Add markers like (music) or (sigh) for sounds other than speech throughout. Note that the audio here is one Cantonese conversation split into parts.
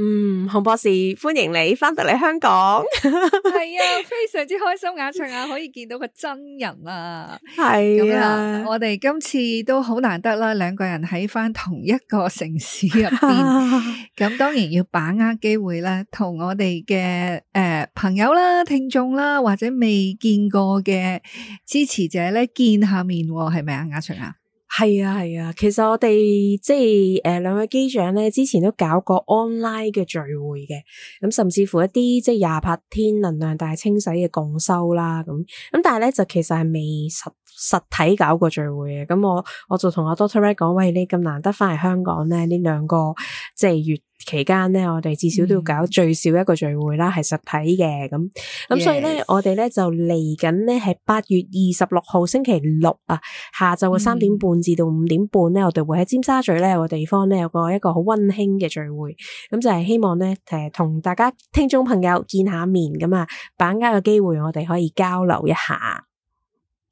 嗯，洪博士，歡迎你翻到嚟香港。係 (laughs) (laughs) (laughs) 啊，非常之開心，亞賽雅啊，可以見到個真人啊，係啊。我哋今次都好難得啦，兩個人喺翻同一個城市入邊，咁 (laughs) 當然要把握機會啦。同我哋嘅誒朋友啦、聽眾啦，或者未見過嘅支持者咧，見下面係咪啊，亞賽雅啊？係啊，係啊，其實我哋即係誒、呃、兩位機長咧，之前都搞過 online 嘅聚會嘅，咁、嗯、甚至乎一啲即係廿八天能量大清洗嘅共修啦，咁、嗯、咁但係咧就其實係未實實體搞個聚會嘅，咁我我就同阿 Dr. Red 講，喂，你咁難得翻嚟香港咧，呢兩個即係月期間咧，我哋至少都要搞最少一個聚會啦，係、嗯、實體嘅，咁咁、嗯、所以咧，我哋咧就嚟緊咧係八月二十六號星期六啊，下晝嘅三點半至到五點半咧，嗯、我哋會喺尖沙咀咧有個地方咧有個一個好溫馨嘅聚會，咁就係希望咧誒、呃、同大家聽眾朋友見下面咁啊，把握個機會，我哋可以交流一下。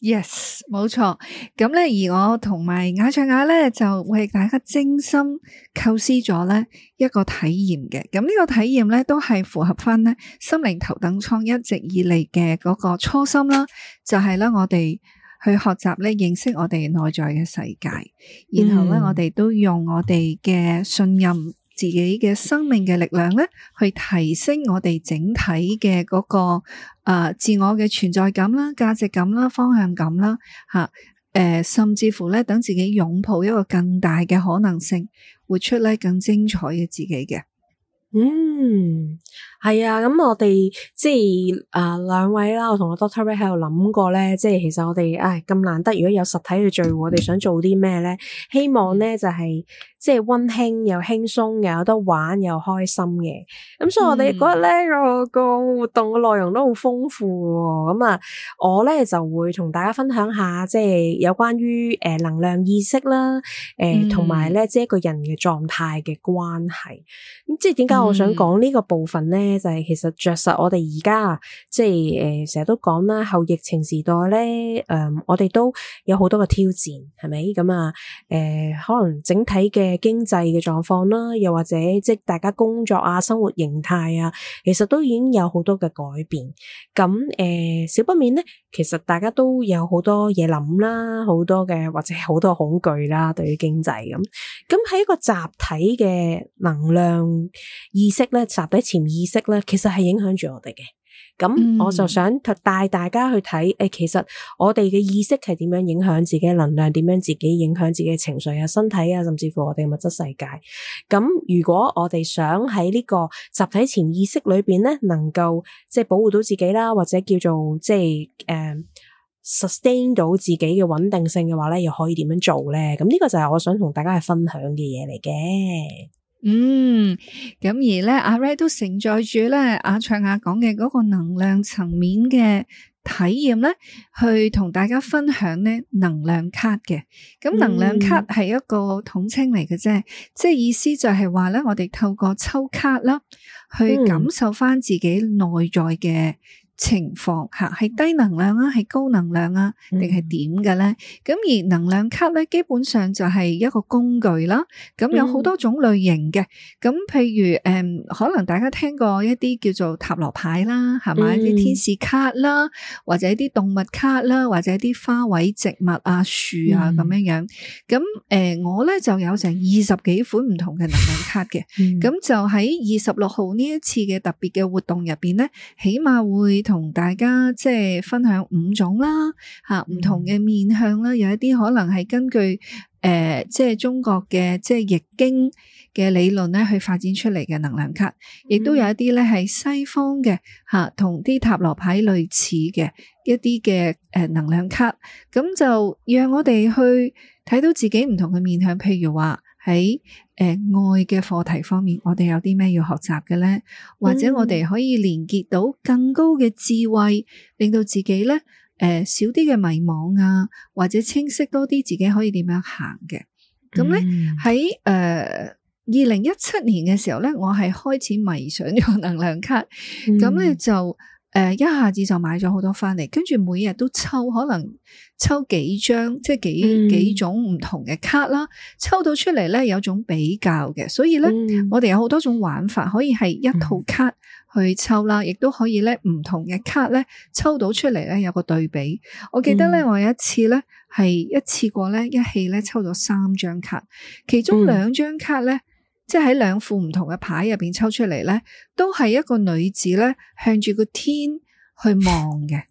Yes，冇錯，咁咧而我同埋亞賽雅咧就為大家精心構思咗咧一個體驗嘅，咁呢個體驗咧都係符合翻咧心靈頭等艙一直以嚟嘅嗰個初心啦，就係、是、咧我哋去學習咧認識我哋內在嘅世界，嗯、然後咧我哋都用我哋嘅信任自己嘅生命嘅力量咧，去提升我哋整體嘅嗰個誒自我嘅存在感啦、價值感啦、方向感啦，吓誒，甚至乎咧，等自己擁抱一個更大嘅可能性，活出咧更精彩嘅自己嘅。嗯，係啊，咁我哋即係啊兩位啦，我同阿 Doctor Red 喺度諗過咧，即係其實我哋唉咁難得，如果有實體嘅聚會，我哋想做啲咩咧？希望咧就係。即係温馨又輕鬆，又有得玩又開心嘅，咁、嗯、所以我哋覺得咧個個活動嘅內容都好豐富、哦。咁啊，我咧就會同大家分享下，即係有關於誒、呃、能量意識啦，誒同埋咧即係一個人嘅狀態嘅關係。咁即係點解我想講呢個部分咧？嗯、就係其實着實我哋而家即係誒成日都講啦，後疫情時代咧，誒、呃、我哋都有好多嘅挑戰，係咪咁啊？誒、呃、可能整體嘅。經濟嘅狀況啦，又或者即係大家工作啊、生活形態啊，其實都已經有好多嘅改變。咁誒，少、呃、不免咧，其實大家都有好多嘢諗啦，好多嘅或者好多恐懼啦，對於經濟咁。咁喺一個集體嘅能量意識咧，集體潛意識咧，其實係影響住我哋嘅。咁我就想帶大家去睇，誒，其實我哋嘅意識係點樣影響自己嘅能量，點樣自己影響自己嘅情緒啊、身體啊，甚至乎我哋嘅物質世界。咁如果我哋想喺呢個集體潛意識裏邊咧，能夠即係保護到自己啦，或者叫做即係誒 sustain 到自己嘅穩定性嘅話咧，又可以點樣做咧？咁呢個就係我想同大家去分享嘅嘢嚟嘅。嗯，咁而咧、啊，阿 Ray 都承載住咧，阿卓雅講嘅嗰個能量層面嘅體驗咧，去同大家分享呢能量卡嘅。咁能量卡係一個統稱嚟嘅啫，即係、嗯、意思就係話咧，我哋透過抽卡啦，去感受翻自己內在嘅。情況下係低能量啊，係高能量啊，定係點嘅咧？咁而能量卡咧，基本上就係一個工具啦。咁有好多種類型嘅。咁譬、嗯、如誒、嗯，可能大家聽過一啲叫做塔羅牌啦，係咪、嗯、一啲天使卡啦，或者一啲動物卡啦，或者一啲花卉植物啊、樹啊咁樣、嗯、樣。咁誒、呃，我咧就有成二十幾款唔同嘅能量卡嘅。咁、嗯、就喺二十六號呢一次嘅特別嘅活動入邊咧，起碼會，同大家即係分享五種啦，吓唔同嘅面向啦，嗯、有一啲可能係根據誒即係中國嘅即係易經嘅理論咧去發展出嚟嘅能量卡，嗯、亦都有一啲咧係西方嘅吓同啲塔羅牌類似嘅一啲嘅誒能量卡，咁就讓我哋去睇到自己唔同嘅面向，譬如話，喺誒愛嘅課題方面，我哋有啲咩要學習嘅咧？或者我哋可以連結到更高嘅智慧，令到自己咧誒、呃、少啲嘅迷惘啊，或者清晰多啲自己可以點樣行嘅？咁咧喺誒二零一七年嘅時候咧，我係開始迷上咗能量卡，咁咧就。誒，一下子就買咗好多翻嚟，跟住每日都抽，可能抽幾張，即係幾幾種唔同嘅卡啦，嗯、抽到出嚟咧有種比較嘅，所以咧我哋有好多種玩法，可以係一套卡去抽啦，亦都、嗯、可以咧唔同嘅卡咧抽到出嚟咧有個對比。我記得咧我有一次咧係一次過咧一氣咧抽咗三張卡，其中兩張卡咧。嗯嗯即係喺兩副唔同嘅牌入邊抽出嚟咧，都係一個女子咧向住個天去望嘅，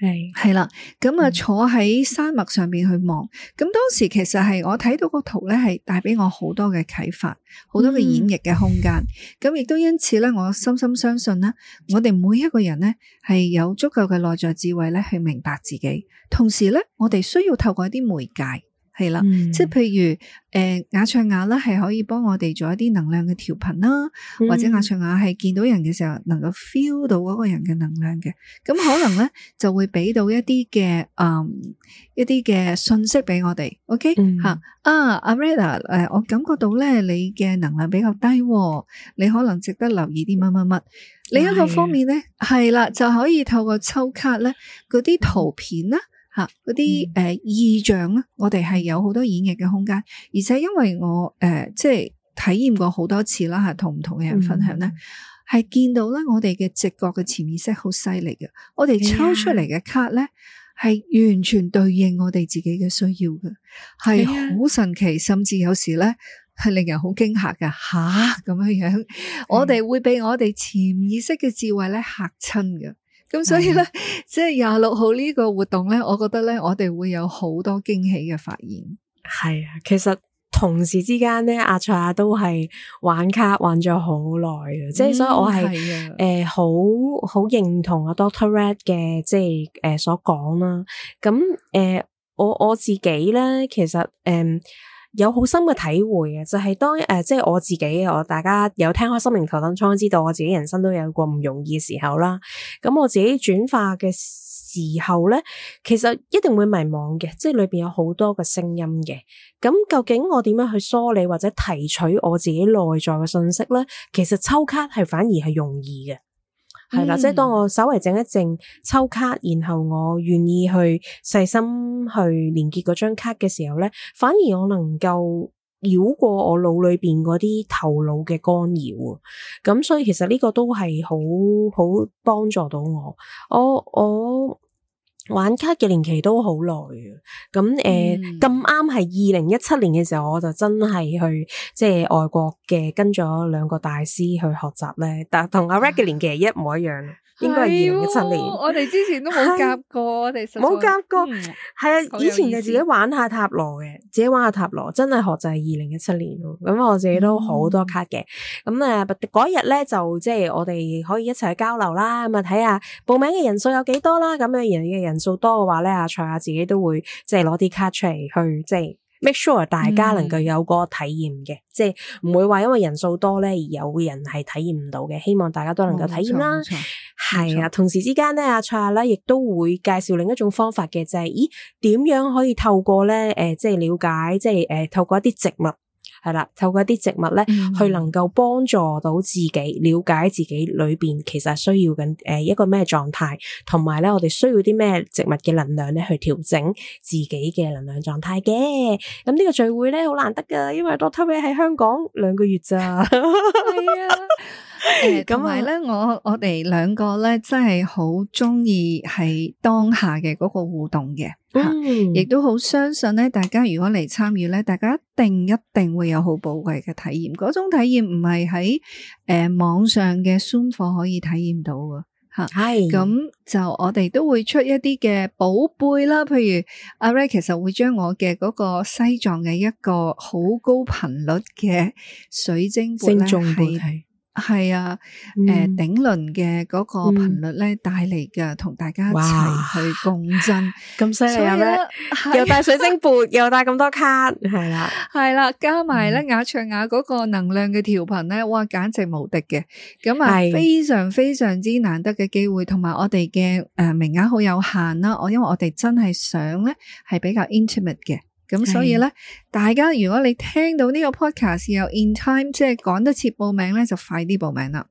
係係啦。咁啊，坐喺山脈上邊去望。咁當時其實係我睇到個圖咧，係帶俾我好多嘅啟發，好多嘅演繹嘅空間。咁亦 (laughs) 都因此咧，我深深相信咧，我哋每一個人咧係有足夠嘅內在智慧咧去明白自己。同時咧，我哋需要透過一啲媒介。係啦，即係譬如誒、呃，亞賽雅咧係可以幫我哋做一啲能量嘅調頻啦，嗯、或者亞賽雅係見到人嘅時候能夠 feel 到嗰個人嘅能量嘅，咁可能咧 (laughs) 就會俾到一啲嘅誒一啲嘅信息俾我哋。OK 吓、嗯、啊，阿 Red 誒，我感覺到咧你嘅能量比較低，你可能值得留意啲乜乜乜。另一個方面咧係啦，就可以透過抽卡咧嗰啲圖片啦。吓，嗰啲誒意象咧，我哋係有好多演繹嘅空間，而且因為我誒、呃、即係體驗過好多次啦吓，同唔同嘅人分享咧，係、嗯、見到咧我哋嘅直覺嘅潛意識好犀利嘅，我哋抽出嚟嘅卡咧係、哎、呀完全對應我哋自己嘅需要嘅，係好神奇，哎、呀甚至有時咧係令人好驚嚇嘅吓咁樣樣，我哋會俾我哋潛意識嘅智慧咧吓親嘅。咁所以咧，的即係廿六號呢個活動咧，我覺得咧，我哋會有好多驚喜嘅發現。係啊，其實同事之間咧，亞賽雅都係玩卡玩咗好耐嘅，即係、嗯、所以我係誒好好認同阿 Doctor Red 嘅即係誒所講啦。咁、呃、誒，我我自己咧，其實誒。呃有好深嘅體會嘅，就係、是、當誒、呃，即係我自己，我大家有聽開心靈頭等艙，剛剛知道我自己人生都有過唔容易嘅時候啦。咁我自己轉化嘅時候咧，其實一定會迷茫嘅，即係裏邊有好多嘅聲音嘅。咁究竟我點樣去梳理或者提取我自己內在嘅信息咧？其實抽卡係反而係容易嘅。係啦，即係當我稍微靜一靜抽卡，然後我願意去細心去連結嗰張卡嘅時候咧，反而我能夠繞過我腦裏邊嗰啲頭腦嘅干擾啊！咁所以其實呢個都係好好幫助到我，我我。玩卡嘅年期都好耐啊！咁，誒，咁啱係二零一七年嘅時候，我就真係去即係外國嘅跟咗兩個大師去學習咧，但同阿 Ragging 嘅年期一模一樣，啊、應該係二零一七年。哦、 (laughs) 我哋之前都冇夾過，是我哋冇夾過。係啊、嗯，是以前就自己玩下塔羅嘅，自己玩下塔羅，真係學就係二零一七年咯。咁我自己都好多卡嘅。咁，誒、嗯，嗰日咧，就即係我哋可以一齊去交流啦。咁啊，睇下報名嘅人數有幾多啦。咁樣樣嘅人。人數多嘅話咧，亞賽雅自己都會即係攞啲卡出嚟去，即係 make sure 大家能夠有個體驗嘅，即係唔會話因為人數多咧而有人係體驗唔到嘅。希望大家都能夠體驗啦，係啊。同時之間咧，亞賽雅咧亦都會介紹另一種方法嘅，就係咦，點樣可以透過咧誒，即係了解，即係誒透過一啲植物。係啦，透過一啲植物咧，去能夠幫助到自己了解自己裏邊其實需要緊誒一個咩狀態，同埋咧我哋需要啲咩植物嘅能量咧去調整自己嘅能量狀態嘅。咁呢個聚會咧好難得噶，因為我偷嘢喺香港兩個月咋。 (laughs) (laughs) 咁同埋咧，我我哋兩個咧，真係好中意係當下嘅嗰個互動嘅，亦、嗯啊、都好相信咧，大家如果嚟參與咧，大家一定一定會有好寶貴嘅體驗。嗰種體驗唔係喺誒網上嘅 o o Zoom 課可以體驗到嘅吓。係、啊、咁是、啊、就我哋都會出一啲嘅寶貝啦，譬如阿、啊、Ray 其實會將我嘅嗰個西藏嘅一個好高頻率嘅水晶，係。係啊，誒頂輪嘅嗰個頻率咧，帶嚟嘅同大家一齊去共振，咁犀利咩？又帶水晶撥，又帶咁多卡，係啦，係啦，加埋咧亞賽雅嗰個能量嘅調頻咧，哇，簡直無敵嘅。咁啊，非常非常之難得嘅機會，同埋我哋嘅誒名額好有限啦。我因為我哋真係想咧，係比較 intimate 嘅。咁所以咧，大家如果你聽到呢個 podcast 有 in time，即係趕得切報名咧，就快啲報名啦。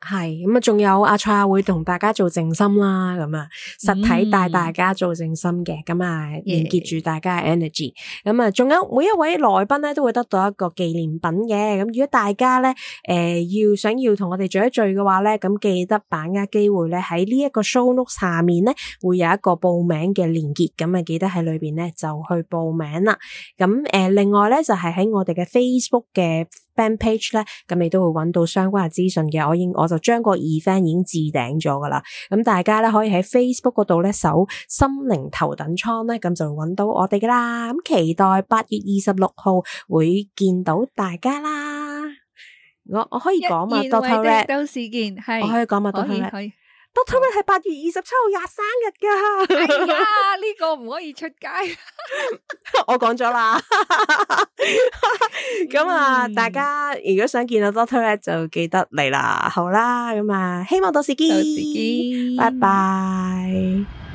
係咁啊，仲有亞賽雅，會同大家做靜心啦，咁啊，實體帶大家做靜心嘅，咁啊、嗯，連結住大家嘅 energy。咁啊，仲有每一位來賓咧，都會得到一個紀念品嘅。咁如果大家咧，誒要想要同我哋聚一聚嘅話咧，咁記得把握機會咧，喺呢一個 show notes 下面咧，會有一個報名嘅連結，咁啊，記得喺裏邊咧就去報名啦。咁誒，另外咧就係喺我哋嘅 Facebook 嘅。fan page 咧，咁你都會揾到相關嘅資訊嘅。我已經我就將個 event 已經置頂咗噶啦。咁大家咧，可以喺 Facebook 嗰度咧搜心靈頭等艙咧，咁就會揾到我哋噶啦。咁期待八月二十六號會見到大家啦。我我可以講嘛，多透咧，都可以講嘛以，多透咧。以 Doctor 咧係八月二十七號廿三日噶，係 (laughs) 啊、哎，呢、這個唔可以出街。 (laughs) (laughs) 我講咗啦，咁 (laughs) (laughs) 啊，嗯、大家如果想見到 Doctor 咧，就記得嚟啦。好啦，咁啊，希望到時見，到時見，拜拜。